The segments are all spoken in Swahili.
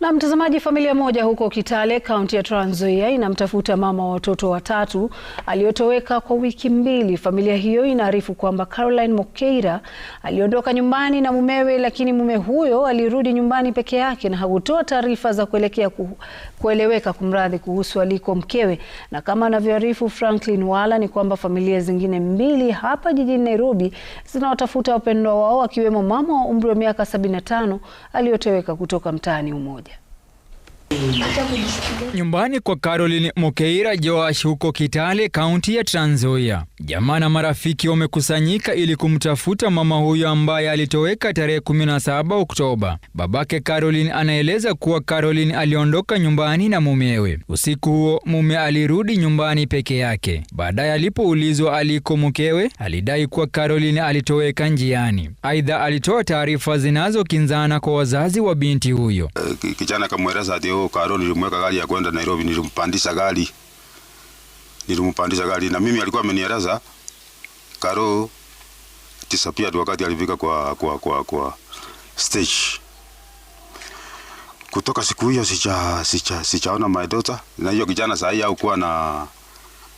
Na mtazamaji, familia moja huko Kitale, kaunti ya Trans Nzoia inamtafuta mama wa watoto watatu aliyotoweka kwa wiki mbili. Familia hiyo inaarifu kwamba Caroline Mokeira aliondoka nyumbani na mumewe, lakini mume huyo alirudi nyumbani peke yake na hakutoa taarifa za kuelekea ku, kueleweka kumradhi, kuhusu aliko mkewe. Na kama anavyoarifu Franklin Wala ni kwamba familia zingine mbili hapa jijini Nairobi zinawatafuta wapendwa wao akiwemo mama wa umri wa miaka 75 aliyotoweka kutoka mtaani Umoja. Nyumbani kwa Caroline mokeira Joash huko Kitale, kaunti ya Trans Nzoia, jamaa na marafiki wamekusanyika ili kumtafuta mama huyo ambaye alitoweka tarehe 17 Oktoba. Babake Caroline anaeleza kuwa Caroline aliondoka nyumbani na mumewe. Usiku huo mume alirudi nyumbani peke yake. Baadaye alipoulizwa aliko mkewe, alidai kuwa Caroline alitoweka njiani. Aidha, alitoa taarifa zinazokinzana kwa wazazi wa binti huyo. Uh, kijana kamweleza ati Faro nilimweka gari ya kwenda Nairobi, nilimpandisha gari, nilimpandisha gari, na mimi alikuwa amenieleza Karo disappeared wakati alifika kwa, kwa, kwa, kwa stage. Kutoka siku hiyo sicha, sicha, sichaona my daughter. Na hiyo kijana sasa hii hakuwa na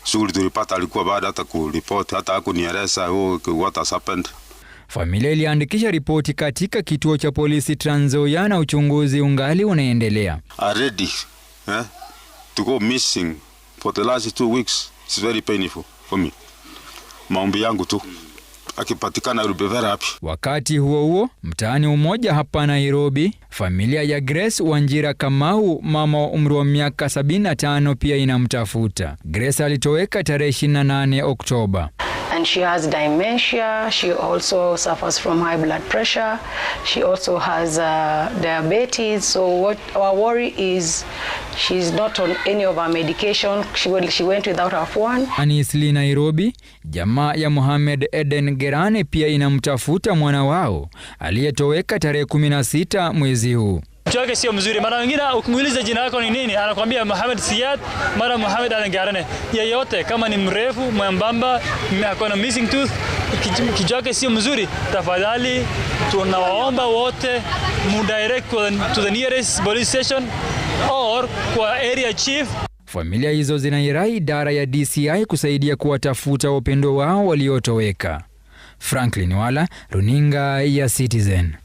shughuli tulipata, alikuwa baada hata kuripoti, hata hakunieleza oh, what has happened. Familia iliandikisha ripoti katika kituo cha polisi Trans Nzoia na uchunguzi ungali unaendelea. Already, eh, to go missing for the last two weeks is very painful for me. Maombi yangu tu akipatikana hapi. Wakati huo huo, mtaani umoja hapa Nairobi, familia ya Grace Wanjira Kamau, mama wa umri wa miaka 75, pia inamtafuta Grace. Alitoweka tarehe 28 Oktoba and she has dementia. She also suffers from high blood pressure. She also has uh, diabetes. So what our worry is she's not on any of her medication. She, will, she went without her phone. Anisli Nairobi, jamaa ya Mohamed Eden Gerane pia inamtafuta mwana wao aliyetoweka tarehe 16 mwezi huu mtu wake sio mzuri. Mara nyingine ukimuuliza jina lako ni nini, anakuambia Muhammad Siad, mara Muhammad Alangarane. Yeyote kama ni mrefu, mwembamba, ako na missing tooth, kichwa yake sio mzuri, tafadhali tunawaomba wote mu direct to the nearest police station or kwa area chief. Familia hizo zinairai idara ya DCI kusaidia kuwatafuta wapendwa wao waliotoweka. Franklin Wala, Runinga ya Citizen.